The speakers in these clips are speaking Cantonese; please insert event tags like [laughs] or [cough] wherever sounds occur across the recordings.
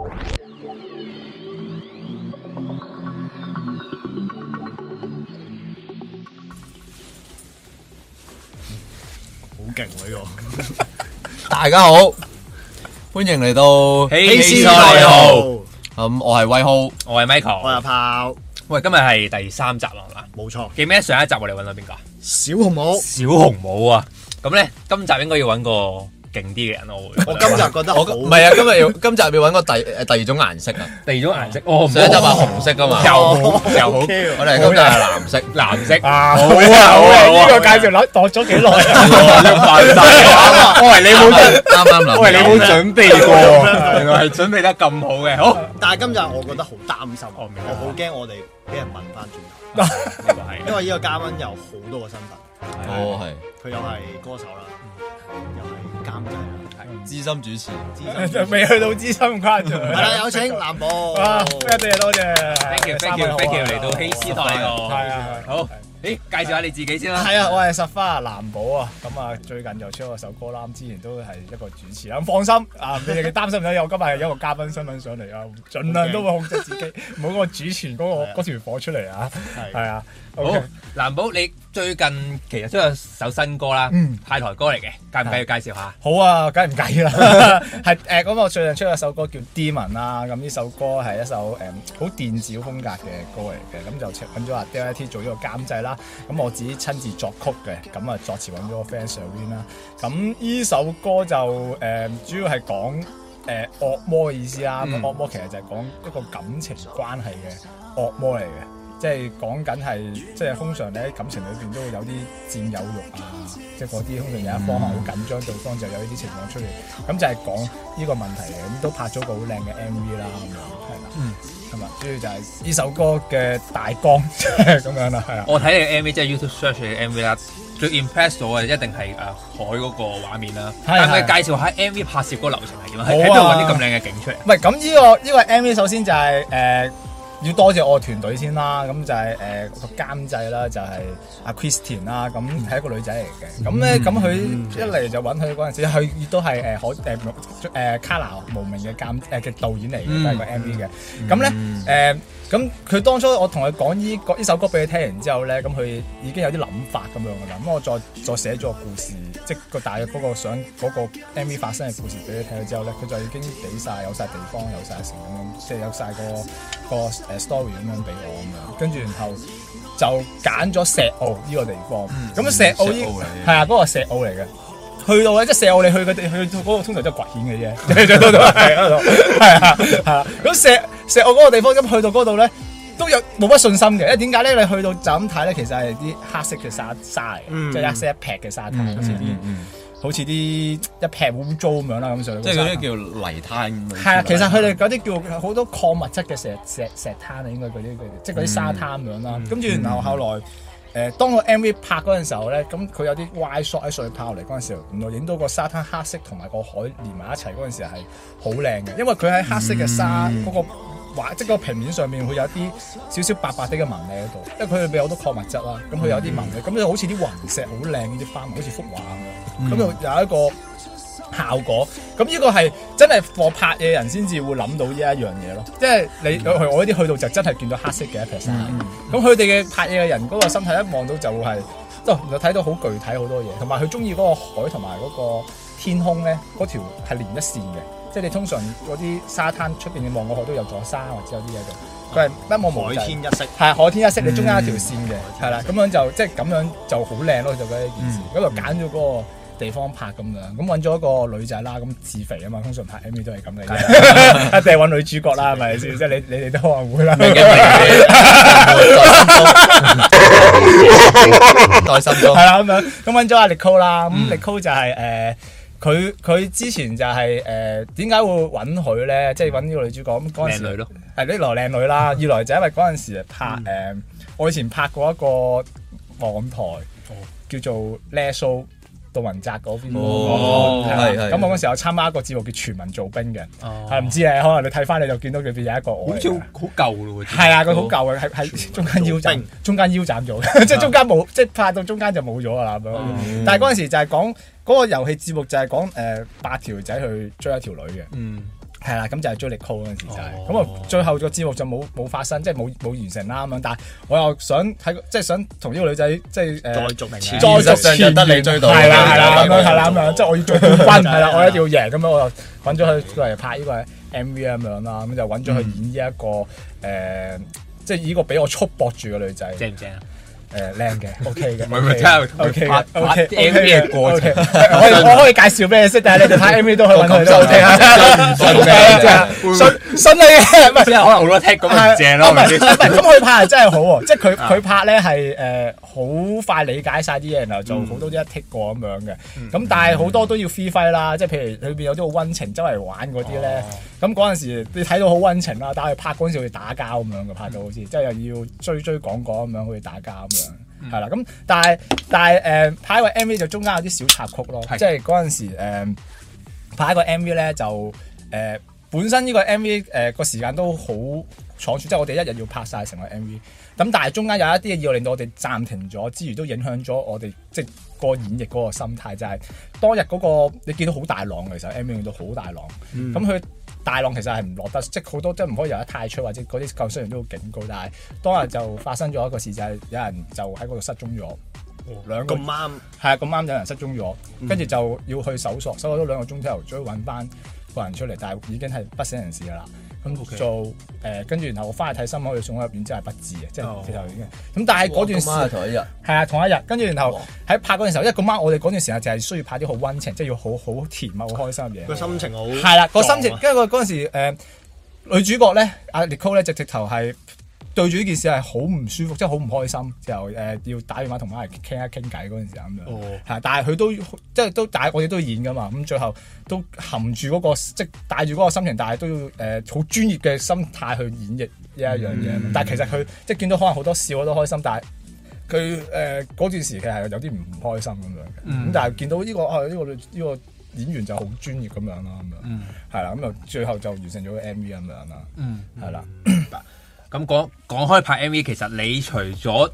好勁呢個！ [music] [laughs] 大家好，歡迎嚟到《希斯 Hey, Hey, 托利號》，咁、嗯、我係威浩，我係 Michael，我係阿炮。喂，今日係第三集啦，冇錯錯。記唔記得上一集我哋搵咗邊個？小紅帽。小紅帽啊！咁咧，今集應該要搵個，勁啲嘅人咯，我我今集覺得我唔係啊，今日要今集要揾個第第二種顏色啊，第二種顏色，上一集，就話紅色啊嘛，又好又好，我哋今日係藍色，藍色啊，好啊好啊，呢個介紹攞當咗幾耐啊？咁快啊，我以為你冇啱啱，我以為你冇準備過，原來係準備得咁好嘅。好，但係今日我覺得好擔心，我我好驚我哋。俾人問翻轉頭，因為呢個嘉賓有好多個身份，哦，係，佢又係歌手啦，又係監製啦，係資深主持，未去到資深監製，啦，有請藍寶。多謝多謝，thank you thank you thank you 嚟到希斯托利。啊，好。誒，介紹下你自己先啦。係啊，我係 Sapphire 藍寶啊。咁、嗯、啊，最近又出咗首歌啦。咁之前都係一個主持。咁放心， [laughs] 啊，你哋擔心唔使，我今日有一個嘉賓身份上嚟啊，盡 [laughs] 量都會控制自己，唔好個主持嗰、嗰個條 [laughs] 火出嚟啊。係、係啊。好，藍寶 Okay.，你最近其實都有首新歌啦，嗯，派台歌嚟嘅，介唔介意介紹下？好啊，梗係唔介意啦。 [laughs] [laughs] 係、呃、誒，咁我最近出咗首歌叫《Demon》啦，咁呢首歌係一首誒好、呃、電子風格嘅歌嚟嘅，咁就請咗阿 d i g t 做咗個監製啦，咁我自己親自作曲嘅，咁啊作詞揾咗個 friend 上邊啦，咁呢首歌就誒、呃、主要係講誒惡魔嘅意思啦，個惡、嗯、魔其實就係講一個感情關係嘅惡魔嚟嘅。即係講緊係，即係通常你喺感情裏邊都會有啲佔有欲啊，即係嗰啲通常有一方啊好緊張，對、嗯、方有就有呢啲情況出現。咁就係講呢個問題嚟，咁都拍咗個好靚嘅 M V 啦，係嘛，嗯，係嘛、嗯。主要就係呢首歌嘅大綱，咁 [laughs] 樣啦。係啊，我睇你 M V，即係 YouTube search 嘅 M V 啦，最 impress 咗嘅一定係誒海嗰個畫面啦。係啊，咁你介紹下 M V 拍攝嗰流程係點啊？喺度搵啲咁靚嘅景出嚟。唔係咁呢個呢、這個 M V，首先就係、是、誒。呃要多謝我團隊先啦，咁就係誒個監製啦，就係、是、阿、啊、Christine 啦，咁係一個女仔嚟嘅，咁咧咁佢一嚟就揾佢嗰陣時，佢亦都係誒可誒誒 Carla 無名嘅監誒嘅、呃、導演嚟嘅，嗯、都係個 MV 嘅，咁咧誒咁佢當初我同佢講呢個呢首歌俾佢聽完之後咧，咁佢已經有啲諗法咁樣噶啦，咁我再再寫咗個故事。即個大約嗰個想嗰個 M V 發生嘅故事俾你睇咗之後咧，佢就已經俾晒有晒地方有晒成咁樣，即係有晒個、那個誒 story 咁樣俾我咁樣，跟住然後就揀咗石澳呢個地方。咁、嗯嗯、石澳呢係啊，嗰、那個石澳嚟嘅。去到咧，即係石澳，你去嘅去嗰、那個通常真係掘險嘅啫。係 [laughs] [laughs] [laughs] 啊，啊。咁、啊啊、 [laughs] 石石澳嗰個地方，咁去到嗰度咧。都有冇乜信心嘅？因為點解咧？你去到就咁睇咧，其實係啲黑色嘅沙沙嚟嘅，即係黑色一劈嘅沙灘，好似啲好似啲一劈污糟咁樣啦。咁所以即係啲叫泥灘咁係啊，其實佢哋嗰啲叫好多礦物質嘅石石石灘啊，應該嗰啲即係嗰啲沙灘咁樣啦。跟住然後後來誒，當個 MV 拍嗰陣時候咧，咁佢有啲 wide shot 喺上面拍落嚟嗰陣時候，原來影到個沙灘黑色同埋個海連埋一齊嗰陣時係好靚嘅，因為佢喺黑色嘅沙嗰畫即係、就是、個平面上面會有一啲少少白白啲嘅紋喺度，因為佢裏面有好多礦物質啦，咁佢有啲紋嘅，咁、mm hmm. 就好似啲雲石好靚啲花紋，好似幅畫咁，咁又、mm hmm. 有一個效果。咁呢個係真係 for 拍嘢人先至會諗到呢一樣嘢咯，即、就、係、是、你去、mm hmm. 我呢啲去到就真係見到黑色嘅一片山。咁佢哋嘅拍嘢嘅人嗰個心態一望到就係，哦，原來睇到好具體好多嘢，同埋佢中意嗰個海同埋嗰個天空咧，嗰條係連一線嘅。即係你通常嗰啲沙灘出邊你望個海都有座山或者有啲嘢度。佢係乜望海天一色，係海天一色，你中間一條線嘅，係啦，咁樣就即係咁樣就好靚咯，就嗰一件事，咁就揀咗嗰個地方拍咁樣，咁揾咗個女仔啦，咁自肥啊嘛，通常拍 MV 都係咁嘅，一定揾女主角啦，係咪先？即係你你哋都可能會啦，用心多，用心多，係啦咁樣，咁揾咗阿力 call 啦，咁力 call 就係誒。佢佢之前就係誒點解會允許咧？即係揾呢個女主角咁嗰陣時，係一來靚女啦，二來就因為嗰陣時拍誒，我以前拍過一個網台叫做 Le Show 杜汶澤嗰邊，哦，係係。咁我嗰時有參加一個節目叫全民做兵嘅，係唔知咧，可能你睇翻你就見到佢邊有一個，好似好舊咯，係啊，佢好舊嘅喺喺中間腰斬，中間腰斬咗，即係中間冇，即係拍到中間就冇咗啦。但係嗰陣時就係講。嗰個遊戲節目就係講誒八條仔去追一條女嘅，嗯，係啦，咁就係追你 call 嗰陣時就係，咁啊最後個節目就冇冇發生，即係冇冇完成啦咁樣，但係我又想睇，即係想同呢個女仔即係誒再續命，再續前緣，得你追到，係啦係啦咁樣，係啦咁樣，即係我要追到分，係啦，我一定要贏咁樣，我就揾咗佢嚟拍呢個 MV 咁樣啦，咁就揾咗佢演呢一個誒，即係呢個俾我束縛住嘅女仔正唔正啊？誒靚嘅，OK 嘅，唔係唔係，即係拍啲 MV 嘅過程，我可以介紹咩色，但係你哋睇 MV 都去搵佢都好受聽啊！信唔信你嘅？唔係可能好多 take 咁咪正咯，唔係咁佢拍係真係好喎，即係佢佢拍咧係誒好快理解晒啲嘢，然後做好多啲一 take 過咁樣嘅，咁但係好多都要 free fight 啦，即係譬如裏邊有啲好溫情，周圍玩嗰啲咧，咁嗰陣時你睇到好溫情啦，但係拍嗰陣時會打交咁樣嘅，拍到好似即係又要追追講講咁樣，好似打交咁。係啦，咁、嗯、但係但係誒、呃、拍一個 MV 就中間有啲小插曲咯，是的 即係嗰陣時、呃、拍一個 MV 咧就誒、呃、本身呢個 MV 誒、呃、個時間都好倉促，即係我哋一日要拍晒成個 MV。咁但係中間有一啲嘢要令到我哋暫停咗，之餘都影響咗我哋、嗯、即係個演繹嗰個心態，就係當日嗰、那個你見到好大浪其實 MV 用到好大浪，咁佢。大浪其實係唔落得，即係好多即係唔可以游得太出，或者嗰啲救生員都警告。但係當日就發生咗一個事，就係、是、有人就喺嗰度失蹤咗，兩個咁啱係啊，咁啱有人失蹤咗，跟住就要去搜索，搜索咗兩個鐘頭，終於揾翻個人出嚟，但係已經係不省人事㗎啦。做誒，跟住 Okay.、呃、然後我翻去睇新聞，佢送咗入院真係不治啊。Oh. 即係其實已、就、經、是。咁但係嗰段時係啊，同一日。跟住然後喺拍嗰段時候，因為嗰晚我哋嗰段時間就係需要拍啲好溫情，即、就、係、是、要好好甜蜜、好開心嘅嘢。個、啊、心情好。係啦，個心情。跟住嗰陣時、呃、女主角咧啊，阿 Nicole 咧直直頭係。對住呢件事係好唔舒服，即係好唔開心，就誒、呃、要打電話同媽咪傾一傾偈嗰陣時咁樣，嚇、oh.！但係佢都即係都，但我哋都要演噶嘛。咁最後都含住嗰、那個，即係帶住嗰個心情，但係都要誒好專業嘅心態去演繹呢一樣嘢。Mm hmm. 但係其實佢即係見到可能好多笑我都開心，但係佢誒嗰段時期係有啲唔開心咁樣。咁、mm hmm. 但係見到呢、這個呢、啊這個呢、這個演員就好專業咁樣啦咁樣，係啦咁就最後就完成咗個 M V 咁樣啦。嗯，係啦、mm。Hmm. [coughs] 咁講講開拍 MV，其實你除咗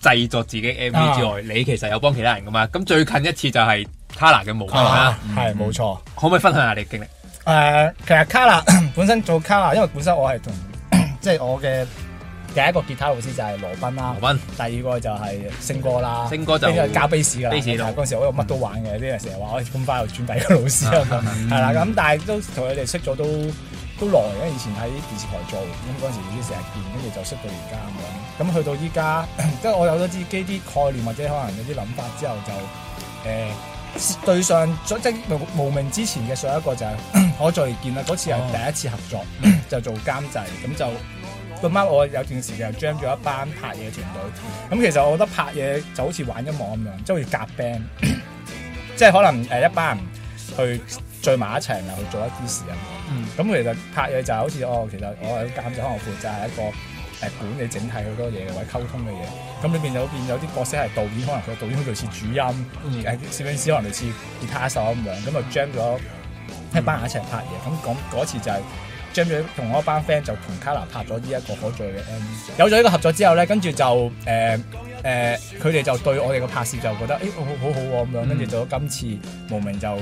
製作自己 MV 之外，你其實有幫其他人噶嘛？咁最近一次就係 Carla 嘅舞啦，係冇錯。可唔可以分享下你經歷？誒，其實 Carla 本身做 Carla，因為本身我係同即係我嘅第一個吉他老師就係羅賓啦，羅賓。第二個就係星哥啦，星哥就教 base 噶啦，嗰時我乜都玩嘅，啲人成日話我咁快又轉第二個老師啦，係啦，咁但係都同佢哋識咗都。都耐嘅，因為以前喺電視台做，咁嗰陣時已經成日見，跟住就識到而家咁樣。咁去到依家，即 [laughs] 係我有咗支機啲概念或者可能有啲諗法之後就，就、呃、誒對上即無無名之前嘅上一個就係、是、 [coughs] 我再而見啦。嗰次係第一次合作， [coughs] 就做監製，咁就嗰晚我有段時間 join 咗一班拍嘢嘅團隊。咁其實我覺得拍嘢就好似玩音樂咁樣，會 [coughs] 即係好似夾 band，即係可能誒、呃、一班人去。聚埋一齊，然後做一啲事咁。咁其實拍嘢就係好似哦，其實我喺監製，可能負責係一個誒管理整體好多嘢，或者溝通嘅嘢。咁裏邊有變有啲角色係導演，可能個導演好似主音，誒攝影師可能類似吉他手咁樣。咁就 Jam 咗一班人一齊拍嘢。咁嗰次就係 Jam 咗同一班 friend 就同卡 a 拍咗呢一個合作嘅 m 有咗呢個合作之後咧，跟住就誒誒，佢哋就對我哋嘅拍攝就覺得誒好好好好咁樣。跟住做咗今次無名就。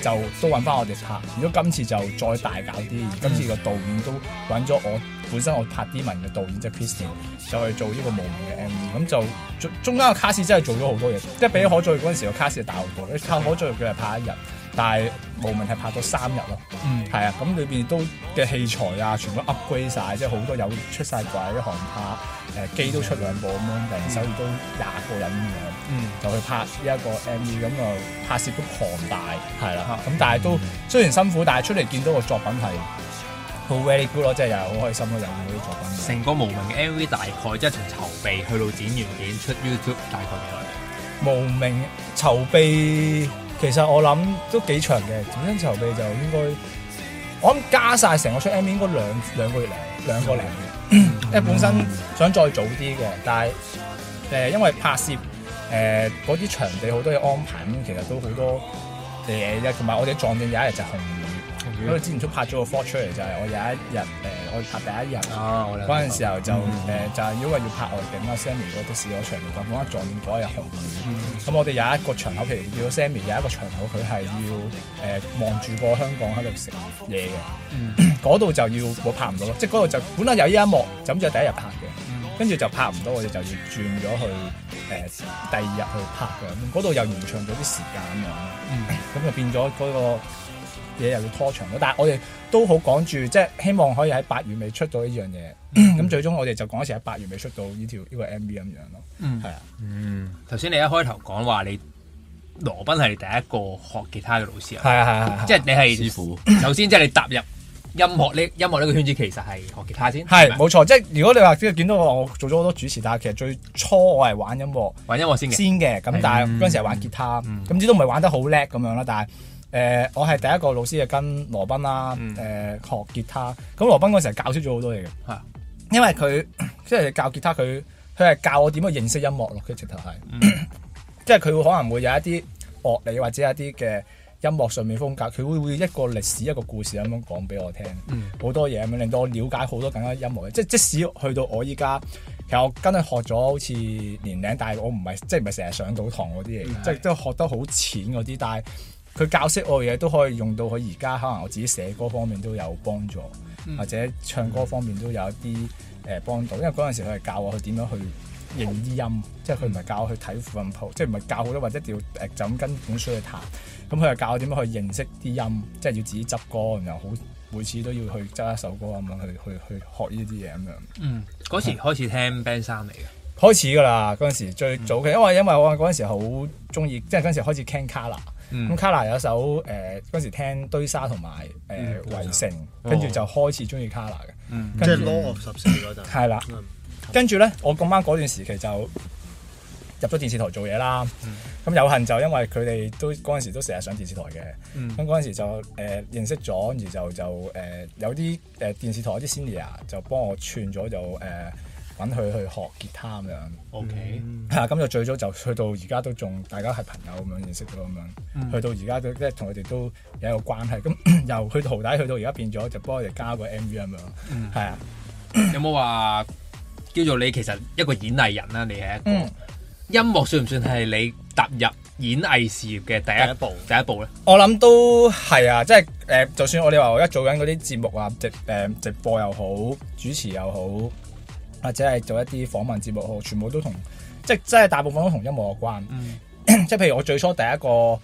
就都揾翻我哋拍，如果今次就再大搞啲，今次個導演都揾咗我本身我拍啲文嘅導演，即係 Kristen，就去做呢個無名嘅 M，咁就中中間個卡士真係做咗好多嘢，即係比起可再嗰陣時個卡士就大好多，你靠可再，佢係拍一日，但係無名係，拍咗三日咯。嗯，係啊，咁裏邊都嘅器材啊，全部 upgrade 晒，即係好多有出曬軌，航拍誒、uh, 機都出兩部咁樣，人、嗯、手都廿個人咁樣，嗯，就去拍呢一個 MV，咁就拍攝都龐大，係啦、啊。咁、嗯、但係都雖然辛苦，但係出嚟見到個作品係好 very good 咯，即係又好開心咯，有呢啲作品。成個無名嘅 MV 大概即係、就是、從籌備去到剪完片出 YouTube 大概幾耐？無名籌備？其實我諗都幾長嘅，整身籌備就應該，我諗加晒成個出 MV 應該兩兩個月零，兩個零月。 [coughs] 因為本身想再早啲嘅，但係誒、呃、因為拍攝誒啲場地好多嘢安排，咁其實都好多嘢嘅，同埋我哋撞正有一日就去，是。我哋之前都拍咗個 four 出嚟，就係我有一日誒，我拍第一日嗰陣時候就誒，就係因為要拍外景啊，Sammy 嗰度試咗場，咁啱撞見嗰日紅雨。咁我哋有一個場口，譬如叫 Sammy 有一個場口，佢係要誒望住個香港喺度食嘢嘅，嗰度就要我拍唔到咯，即係嗰度就本來有呢一幕，就咁就第一日拍嘅，跟住就拍唔到，我哋就要轉咗去誒第二日去拍嘅，嗰度又延長咗啲時間咁樣，咁就變咗嗰個。嘢又要拖長咯，但係我哋都好講住，即係希望可以喺八月尾出到呢樣嘢。咁最終我哋就講一次喺八月尾出到呢條呢個 MV 咁樣咯。嗯，係啊。嗯，頭先你一開頭講話你羅賓係第一個學吉他嘅老師啊。係啊係啊係啊。即係你係師傅。首先即係你踏入音樂呢音樂呢個圈子，其實係學吉他先。係冇錯。即係如果你話即係見到我做咗好多主持，但係其實最初我係玩音樂，玩音樂先先嘅。咁但係嗰陣時係玩吉他，咁之都唔係玩得好叻咁樣啦，但係。誒、呃，我係第一個老師，係跟羅賓啦。誒、呃，嗯、學吉他。咁羅賓嗰陣時教識咗好多嘢嘅，係、啊、因為佢即係教吉他，佢佢係教我點樣認識音樂咯。佢直頭係，即係佢會可能會有一啲樂理或者一啲嘅音樂上面風格，佢會會一個歷史一個故事咁樣講俾我聽。好、嗯、多嘢咁令到我了解好多更加音樂嘅。即係即使去到我依家，其實我跟佢學咗好似年齡，但係我唔係即係唔係成日上到堂嗰啲嘢，即係、嗯、都學得好淺嗰啲，但係。佢教識我嘅嘢都可以用到，佢而家可能我自己寫歌方面都有幫助，嗯、或者唱歌方面都有一啲誒幫到。因為嗰陣時佢係教我佢點樣去認啲音，認 即係佢唔係教我去睇副音譜，嗯、即係唔係教好多、嗯，或者要、呃、就咁跟本書去彈。咁佢係教我點樣去認識啲音，即係要自己執歌，然後好每次都要去執一首歌咁樣去去去，去學呢啲嘢咁樣。嗯，嗰、嗯、時開始聽 band 三嚟嘅，開始噶啦。嗰陣時最早期，嗯、因，為因為因為我嗰陣時好中意，即係嗰陣時開始聽卡啦。咁 Kolor 有一首誒嗰陣時聽堆沙同埋誒圍城。哦、跟住就開始中意 Kolor 嘅，即係、嗯《l o 十四》嗰陣啦。跟住咧，我咁啱嗰段時期就入咗電視台做嘢啦。咁、嗯、有幸就因為佢哋都嗰陣時都成日上電視台嘅，咁嗰陣時就誒、呃、認識咗，而就就誒、呃、有啲誒電視台啲 senior 就幫我串咗就誒。呃搵佢去學吉他咁樣，OK，吓咁就最早就去到而家都仲大家係朋友咁樣認識到咁樣，嗯、去到而家都即係同佢哋都有一個關係。咁由佢徒弟去到而家變咗，就幫佢哋加個 MV 咁樣、嗯，係啊。有冇話叫做你其實一個演藝人啦、啊？你係一個、嗯、音樂算唔算係你踏入演藝事業嘅第，第一步？第一步咧，我諗都係啊！即係誒，就算我哋話我而家做緊嗰啲節目啊，直誒直播又好，主持又好。或者係做一啲訪問節目，全部都同即係即係大部分都同音樂有關。即係譬如我最初第一個誒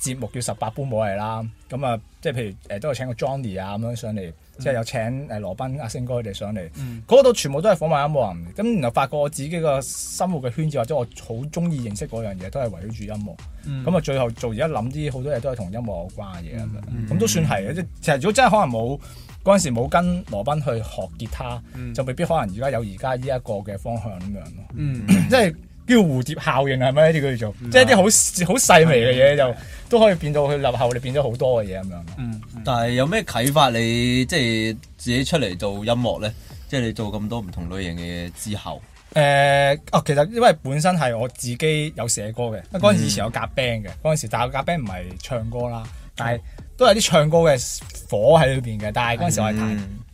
節目叫十八般武藝啦，咁啊即係譬如誒都有請個 Johnny 啊咁樣上嚟，即係有請誒羅賓阿星哥佢哋上嚟，嗰度全部都係訪問音樂人。咁然後發覺我自己個生活嘅圈子或者我好中意認識嗰樣嘢都係圍繞住音樂。咁啊最後做而家諗啲好多嘢都係同音樂有關嘅嘢，咁都算係嘅。即係其實如果真係可能冇。嗰陣時冇跟羅賓去學吉他，就未必可能而家有而家呢一個嘅方向咁樣咯。嗯，即係叫蝴蝶效應係咪呢啲佢做？即係啲好好細微嘅嘢就都可以變到佢立後，你變咗好多嘅嘢咁樣。嗯，但係有咩啟發你即係自己出嚟做音樂咧？即係你做咁多唔同類型嘅嘢之後？誒，哦，其實因為本身係我自己有寫歌嘅。嗰陣以前有夾 band 嘅，嗰陣時但係夾 band 唔係唱歌啦，但係。都係啲唱歌嘅火喺裏邊嘅，但係嗰陣時我係睇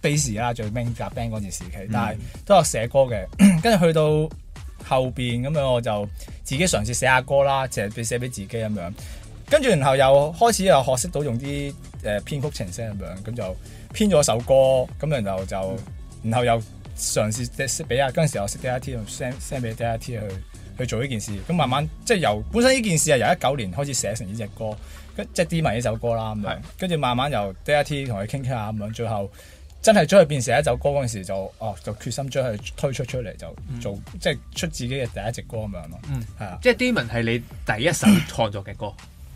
Bass 啦，mm hmm. 最 Main 夾 Band 嗰陣時期，mm hmm. 但係都有寫歌嘅。跟住去到後邊咁樣，我就自己嘗試寫下歌啦，寫俾寫俾自己咁樣。跟住然後又開始又學識到用啲誒編曲程式咁樣，咁就編咗首歌咁，然後就，然後，就、mm hmm. 然後又嘗試俾啊嗰陣時我識 D I T，就 send send 俾 D I T 去去做呢件事。咁慢慢即係由本身呢件事係由一九年開始寫成呢隻歌。即係 Demon 呢首歌啦，咁樣的，跟住慢慢由 DRT 同佢傾傾下，咁樣的，最後真係將佢變成一首歌嗰陣時就，就哦，就決心將佢推出出嚟，就做、嗯、即係出自己嘅第一隻歌咁樣咯。係啊，即係 Demon 係你第一首創作嘅歌。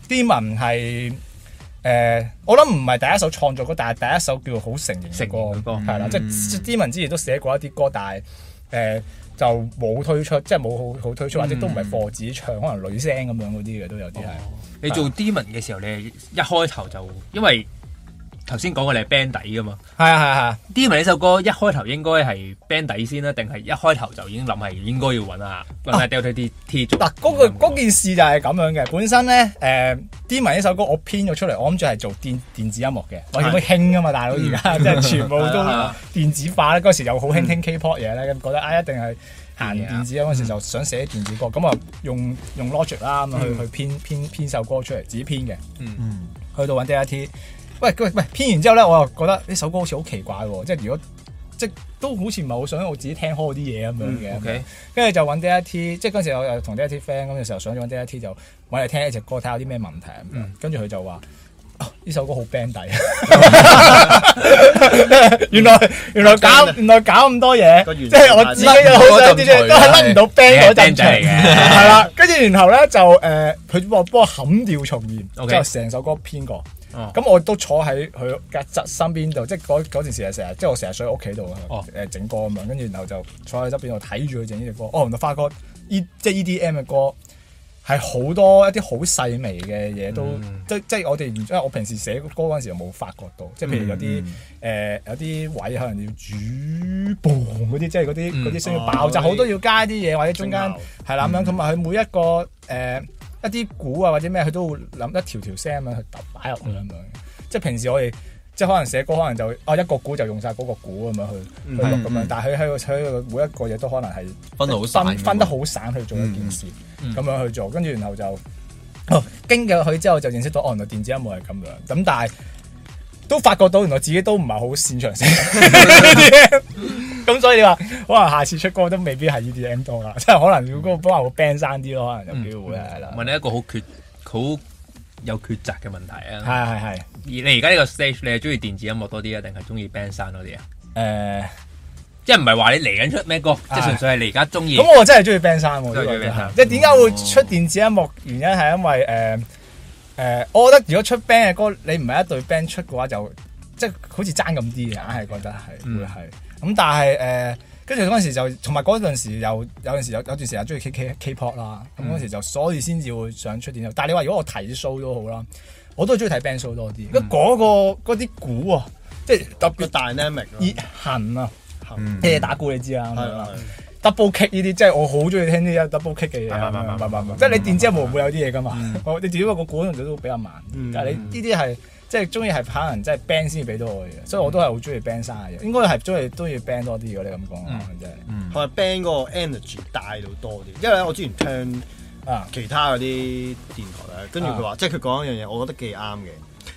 Demon 係誒，我諗唔係第一首創作歌，但係第一首叫做好成型嘅歌，係、嗯、啦。即係 Demon 之前都寫過一啲歌，但係誒、呃、就冇推出，即係冇好好推出，嗯、或者都唔係畀自己唱，可能女聲咁樣嗰啲嘅都有啲係。Oh. Oh. 你做 Demon 嘅時候，你一開頭就因為。頭先講過你係 band 底噶嘛？係啊係啊係啊。D 文呢首歌一開頭應該係 band 底先啦，定係一開頭就已經諗係應該要搵啊，搵下 D.T.T. 嗱，嗰個件事就係咁樣嘅。本身咧，誒，D 文呢首歌我編咗出嚟，我諗住係做電電子音樂嘅，好似好興啊嘛。大佬而家即係全部都電子化咧。嗰時又好興聽 K-pop 嘢咧，咁覺得啊，一定係行電子啊。嗰陣時就想寫電子歌，咁啊用用 logic 啦咁去去編編編首歌出嚟，自己編嘅。去到搵 D.T. 喂，喂，喂，編完之後咧，我又覺得呢首歌好似好奇怪喎，即係如果即都好似唔係好想我自己聽開啲嘢咁樣嘅。跟住就揾 D T，即係嗰陣時我又同 D T friend 咁嘅時候，想揾 D T 就揾嚟聽呢隻歌，睇下有啲咩問題。跟住佢就話呢首歌好 band 底，原來原來搞原來搞咁多嘢，即係我自己又好想，即係都係揾唔到 band 嗰陣場，係啦。跟住然後咧就誒，佢話幫我砍掉重現，即係成首歌編過。咁我都坐喺佢隔側身邊度，即係嗰嗰陣時係成日，即係我成日喺屋企度誒整歌咁樣，跟住然後就坐喺側邊度睇住佢整呢隻歌。我唔來發覺，依即係 EDM 嘅歌係好多一啲好細微嘅嘢都，即即係我哋因為我平時寫歌嗰陣時冇發覺到，即係譬如有啲誒有啲位可能要主伴嗰啲，即係嗰啲啲需要爆炸好多要加啲嘢，或者中間係咁樣。同埋佢每一個誒。一啲鼓啊或者咩，佢都會諗一條條聲咁去擺入去咁樣。即係平時我哋即係可能寫歌，可能就哦一個鼓就用晒嗰個鼓咁樣去去錄咁樣。嗯嗯、但係佢喺個喺個每一個嘢都可能係分得好散，分得好散去做一件事咁，嗯嗯，樣去做。跟住然後就哦，經過佢之後就認識到，哦，原來電子音樂係咁樣。咁但係都發覺到，原來自己都唔係好擅長寫。 [laughs] [laughs] 咁 [music] 所以你話可能下次出歌都未必係呢啲咁多啦，即係可能要歌可能會 band 生啲咯。可能有機會係啦。嗯嗯、的問你一個好決好有抉擇嘅問題啊，係係係。 [music] 而你而家呢個 stage，你係中意電子音樂多啲啊，定係中意 band 生多啲啊？誒、呃，即係唔係話你嚟緊出咩歌，呃、即係純粹係你而家中意。咁、嗯、我真係中意 band 生、這個，即係點解會出電子音樂？原因係因為誒誒、呃呃，我覺得如果出 band 嘅歌，你唔係一對 band 出嘅話，就即係好似爭咁啲嘅，硬係、嗯、覺得係會係。嗯咁但係誒，跟住嗰陣時就同埋嗰陣時有有陣時有有段時間中意 K K K pop 啦，咁嗰陣時就所以先至會想出啲音。但係你話如果我睇 show 都好啦，我都係中意睇 band show 多啲。嗰個嗰啲鼓啊，即係特別 dynamic 啊，打鼓你知啦。Double kick 呢啲，即係我好中意聽啲 double kick 嘅嘢。即係你電子音樂會唔會有啲嘢噶嘛。你電子音樂個鼓通常都比較慢，但係你呢啲係。即係中意係可能即係 band 先俾到我嘅，所以我都係好中意 band 生嘅嘢。應該係中意都要 band 多啲，嗯，如果你咁講，可能真係。同埋 band 嗰個 energy 大到多啲。因為我之前聽啊其他嗰啲電台咧，跟住佢話，即係佢講一樣嘢，我覺得幾啱嘅，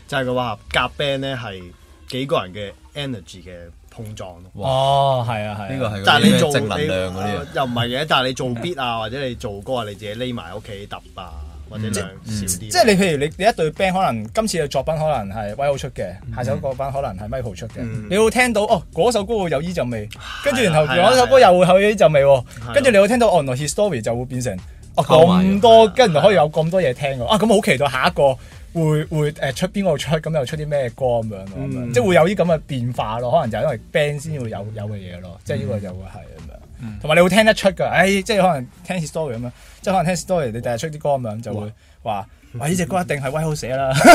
就係佢話夾 band 咧係幾個人嘅 energy 嘅碰撞咯哇、哦。哇，係啊，係、啊。呢個係。但係你做你又唔係嘅，但係你做 beat 啊，或者你做歌啊，你自己匿埋屋企揼啊。或者即少即係你譬如你你一隊 band 可能今次嘅作品可能係 Will 出嘅，下首作品可能係 Michael 出嘅，你會聽到哦嗰首歌會有依陣味，跟住然後嗰首歌又會有依陣味，跟住你會聽到哦原來 HisStory 就會變成哦咁多，跟住可以有咁多嘢聽㗎。啊咁好期待下一個會會誒出邊個出，咁又出啲咩歌咁樣咯，即係會有啲咁嘅變化咯，可能就係因為 band 先會有有嘅嘢咯，即係呢個就會係同埋你會聽得出㗎，誒，即係可能聽 story 咁樣，即係可能聽 story，你第日出啲歌咁樣，就會話喂，呢隻歌一定係威好寫啦。希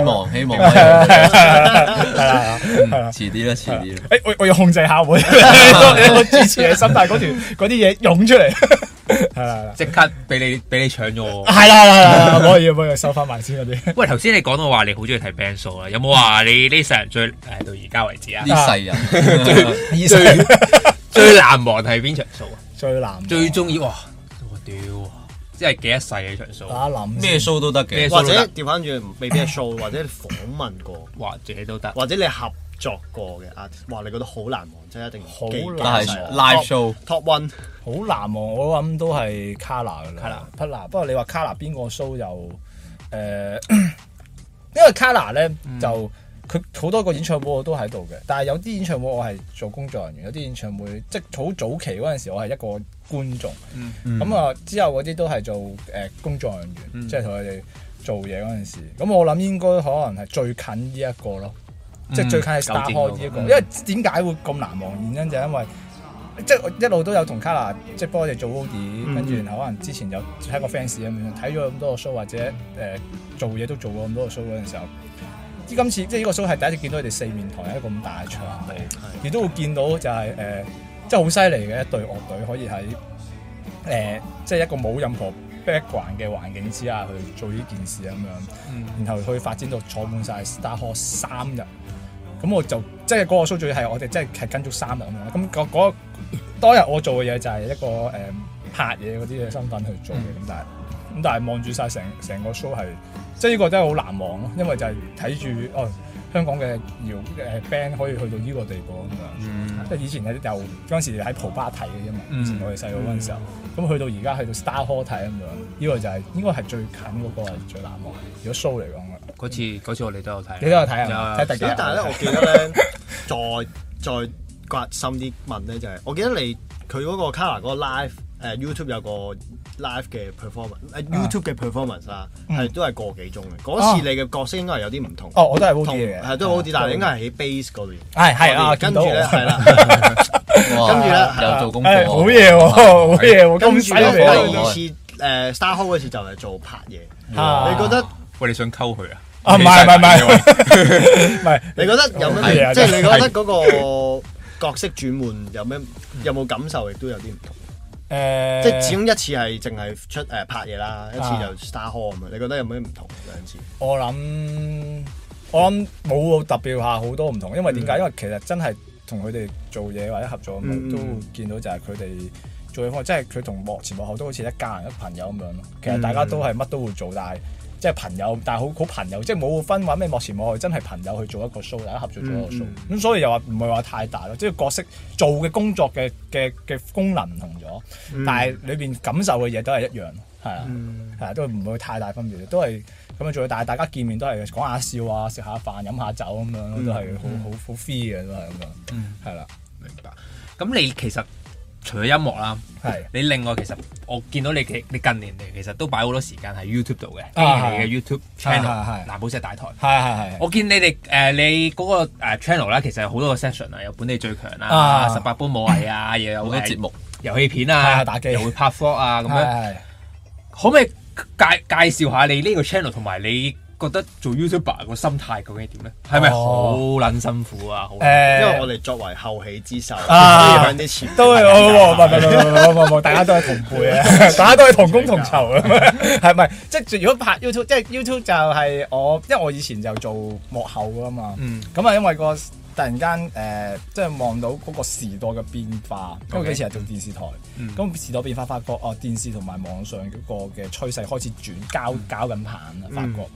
望希望，係係啊，係啊，遲啲啦遲啲啦。誒，我我要控制下我，我支持嘅心態嗰段嗰啲嘢湧出嚟，係啦，即刻俾你俾你搶咗。係啦係啦，可以可以收翻埋先嗰啲。喂，頭先你講到話你好中意睇 band show 啦，有冇話你呢世人最誒到而家為止啊？呢世人最呢世。最難忘係邊場 show 啊？最難最中意哇！我屌，即係幾一世嘅場 show？我諗咩 show 都得嘅，或者調翻轉未必係 show，或者訪問過，或者都得，或者你合作過嘅啊，哇！你覺得好難忘，即係一定好一世 live show top one，好難忘，我諗都係 Carla 嘅啦。Carla 不過你話 Carla 邊個 show 又誒？因為 Carla 咧就。佢好多個演唱會我都喺度嘅，但係有啲演唱會我係做工作人員，有啲演唱會即係好早期嗰陣時，我係一個觀眾。咁啊、嗯嗯，之後嗰啲都係做誒、呃、工作人員，嗯、即係同佢哋做嘢嗰陣時。咁我諗應該可能係最近呢一個咯，即係最近係 Star 開、嗯、呢一個。因為點解會咁難忘？原因就係因為即係我一路都有同卡拉，即係幫我哋做 b o、嗯、跟住然後可能之前有係一個 fans 咁樣睇咗咁多個 show，或者誒、呃、做嘢都做過咁多個 show 嗰陣時候。今次即係呢個 show 係第一次見到佢哋四面台一個咁大嘅場，亦都會見到就係、是、誒，即係好犀利嘅一隊樂隊可以喺誒、呃，即係一個冇任何 background 嘅環境之下去做呢件事咁樣，然後去發展到坐滿晒 Star Hall 三日，咁我就即係嗰個 show 仲要係我哋即係係跟足三日咁樣，咁嗰嗰當日我做嘅嘢就係一個誒、呃、拍嘢嗰啲嘅身份去做嘅，咁、嗯、但係咁但係望住晒成成個 show 係。即係呢個真係好難忘咯，因為就係睇住哦香港嘅搖誒、呃、band 可以去到呢個地步咁樣，即以前咧又嗰陣喺蒲巴睇嘅，因為以前，、嗯、以前我哋細個嗰陣時候，咁去、嗯、到而家去到 Star Hall 睇咁樣，呢、這個就係、是、應該係最近嗰個係最難忘。如果 show 嚟講嗰次、嗯、次我哋都有睇，你都有睇啊，睇特價。咁但係咧，我記得咧， [laughs] 再再刮深啲問咧，就係、是、我記得你佢嗰個 Kara 嗰個 live 誒、呃、YouTube 有個。live 嘅 performance，YouTube 嘅 performance 啦，係都係個幾鐘嘅。嗰次你嘅角色應該係有啲唔同。哦，我都係好啲嘅，係都好啲，但係應該係喺 base 嗰邊。係係啊，跟住咧，係啦，跟住咧，有做功課，好嘢喎，好嘢喎。跟住咧，嗰次誒 Star Hall 嗰次就係做拍嘢。你覺得？喂，你想溝佢啊？啊，唔係唔係唔係，唔係。你覺得有咩？即係你覺得嗰個角色轉換有咩？有冇感受亦都有啲唔同？誒，嗯、即係始終一次係淨係出誒、呃、拍嘢啦，一次就 star hall 咁啊！你覺得有冇啲唔同兩次？我諗我諗冇特別下好多唔同，因為點解？嗯、因為其實真係同佢哋做嘢或者合作，嗯、都會見到就係佢哋做嘢方，即係佢同幕前幕後都好似一家人一朋友咁樣咯。其實大家都係乜都會做，嗯、但係。即係朋友，但係好好朋友，即係冇分話咩幕前幕後，真係朋友去做一個 show，大家合作做一個 show，嗯。咁所以又話唔係話太大咯，即係角色做嘅工作嘅嘅嘅功能唔同咗，嗯、但係裏邊感受嘅嘢都係一樣，係啊，係、嗯、都唔會太大分別，都係咁樣做。但係大家見面都係講下笑啊，食下飯，飲下酒咁樣，都係好好好 free 嘅，都係咁樣，係啦，明白。咁你其實。除咗音樂啦，你另外其實我見到你你近年嚟其實都擺好多時間喺 YouTube 度嘅，你嘅 YouTube channel，藍寶石大台，我見你哋誒你嗰個誒 channel 咧，其實有好多個 session 啊，有本地最強啊，十八般武藝啊，又有好多節目、遊戲片啊、打機，又會拍 short 啊咁樣，可唔可以介介紹下你呢個 channel 同埋你，覺得做 YouTuber 個心態究竟點咧？係咪好撚辛苦啊？好因為我哋作為後起之秀，都都係好，唔大家都係同輩啊，大家都係同工同酬啊，係咪？即係如果拍 YouTube，即係 YouTube 就係我，因為我以前就做幕後噶啊嘛。咁啊，因為個突然間誒，即係望到嗰個時代嘅變化。我幾時係做電視台？咁時代變化，發覺哦，電視同埋網上嗰個嘅趨勢開始轉，交交緊棒啊，發覺。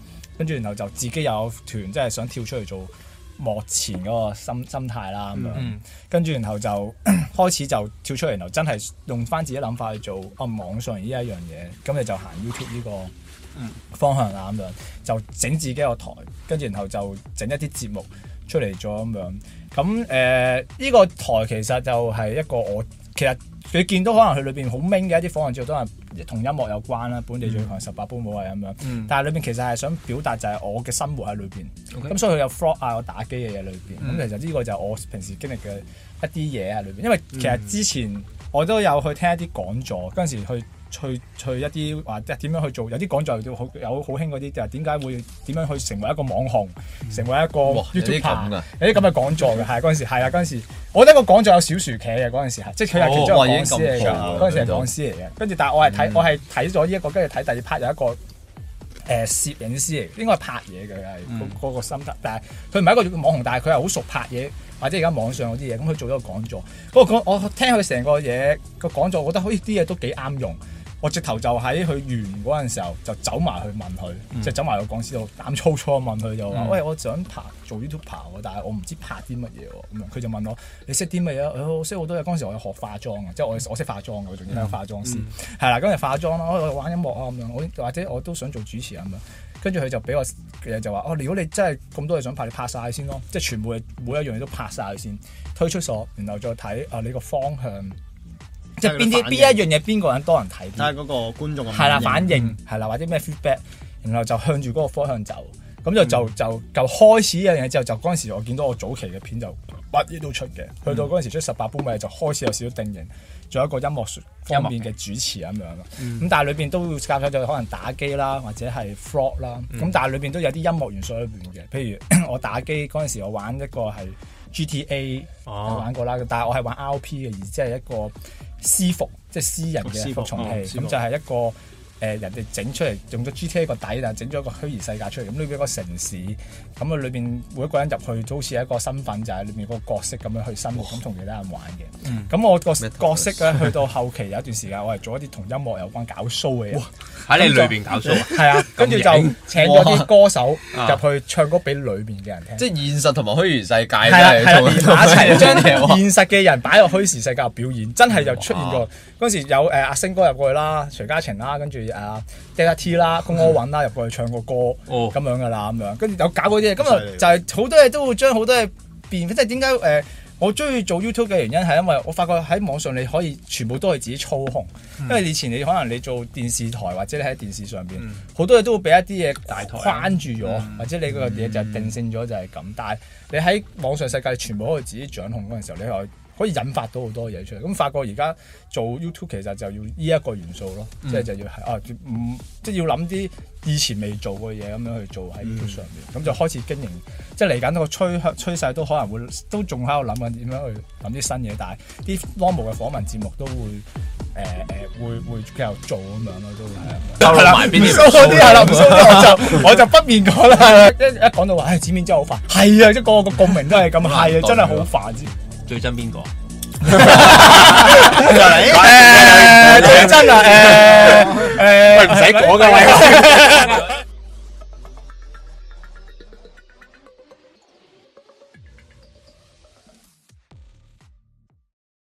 跟住，然後就自己有團，即、就、係、是、想跳出嚟做幕前嗰個心心態啦。咁樣跟住，hmm. 然後就 [coughs] 開始就跳出嚟，然後真係用翻自己諗法去做啊、哦。網上呢一樣嘢，咁你就行 YouTube 呢個方向啦。咁、mm hmm. 樣就整自己個台，跟住然後就整一啲節目出嚟咗。咁樣咁誒，呢、呃這個台其實就係一個我其實。佢見到可能佢裏邊好明嘅一啲訪問之類都係同音樂有關啦，本地最強十八般武藝咁樣。嗯、但係裏邊其實係想表達就係我嘅生活喺裏邊。咁 Okay. 所以佢有 vlog 啊，有打機嘅嘢裏邊。咁、嗯、其實呢個就係我平時經歷嘅一啲嘢啊裏邊。因為其實之前我都有去聽一啲講座嗰陣、嗯、時去。去去一啲話即點樣去做？有啲講座好有好興嗰啲，就係點解會點樣去成為一個網紅？嗯、成為一個 YouTuber 嘅有啲咁嘅講座嘅，係嗰陣時係啦，嗰陣時我覺得個講座有小薯茄嘅嗰陣時係，哦、即佢係其中一個講師嚟嘅。嗰陣時係講師嚟嘅，跟住了但係我係睇我係睇咗呢一個，跟住睇第二 part 有一個誒攝影師嚟，應該係拍嘢嘅係嗰個心得。但係佢唔係一個網紅，但係佢係好熟拍嘢，或者而家網上嗰啲嘢。咁佢做咗個講座，不、那、過、個、我聽佢成個嘢、個講座，我覺得啲嘢都幾啱用。我直頭就喺佢完嗰陣時候就走埋去問佢，即係、嗯、走埋個講師度膽粗粗咁問佢、嗯、就話：喂，我想做 YouTuber，我拍做 YouTuber 喎，但係我唔知拍啲乜嘢喎。咁樣佢就問我：你識啲乜嘢啊？我識好多嘢。嗰陣時我又學化妝啊，即係我我識化妝嘅，我仲要係化妝師。係啦、嗯，跟、嗯、住化妝咯，我又玩音樂啊，咁樣，或者我都想做主持人咁樣。跟住佢就俾我嘅就話：哦，如果你真係咁多嘢想拍，你拍曬先咯，即係全部每一樣嘢都拍曬先推出所，然後再睇啊你個方向。即係邊啲邊一樣嘢，邊個人多人睇。但係嗰個觀眾係啦，反應係啦、嗯，或者咩 feedback，然後就向住嗰個方向走。咁就、嗯、就就就開始一樣嘢之後，就嗰陣時我見到我早期嘅片就乜嘢都出嘅。去、嗯、到嗰陣時出十八般武藝，就開始有少少定型。做一個音樂方面嘅主持咁樣啦。咁、嗯、但係裏邊都加上就可能打機啦，或者係 vlog 啦。咁但係裏邊都有啲音樂元素喺邊嘅，譬如我打機嗰陣時，我玩一個係 G T A，、啊、我玩過啦。但係我係玩 R P 嘅，而即係一個。私服，即係私人嘅服從、哦、器，咁、哦、就係一個。誒人哋整出嚟用咗 GTA 個底，但整咗一個虛擬世界出嚟。咁呢邊個城市，咁啊裏邊每一個人入去都好似一個身份，就係裏面個角色咁樣去生活，咁同其他人玩嘅。咁我個角色咧，去到後期有一段時間，我係做一啲同音樂有關搞 show 嘅嘢。喺你裏邊搞 show？係啊，跟住就請咗啲歌手入去唱歌俾裏邊嘅人聽。即係現實同埋虛擬世界一齊，現實嘅人擺落虛擬世界表演，真係就出現過嗰陣時有誒阿星哥入過去啦，徐嘉晴啦，跟住。啊 d a t 啦，tea, 公歌揾啦，入過去唱個歌咁、哦、樣噶啦，咁樣跟住有搞嗰啲嘢，咁就就係好多嘢都會將好多嘢變，即係點解誒，我中意做 YouTube 嘅原因係因為我發覺喺網上你可以全部都係自己操控，嗯、因為以前你可能你做電視台或者你喺電視上面，好多嘢都會俾一啲嘢大台框住咗，或者你個嘢就定性咗就係咁，嗯、但係你喺網上世界全部都可以自己掌控嗰陣時候，你可以。可以引發到好多嘢出嚟，咁發覺而家做 YouTube 其實就要呢一個元素咯，即係就要係啊，唔即要諗啲以前未做嘅嘢咁樣去做喺 YouTube 上面，咁就開始經營。即係嚟緊個趨趨勢都可能會都仲喺度諗緊點樣去諗啲新嘢，但係啲 long 毛嘅訪問節目都會誒誒會會繼續做咁樣咯，都會係收埋邊啲唔收嗰啲係啦，唔收我就我就不面講啦。一一講到話唉，剪面真係好煩，係啊，一個個共鳴都係咁，係啊，真係好煩。最憎邊個？喂，唔使講㗎，喂。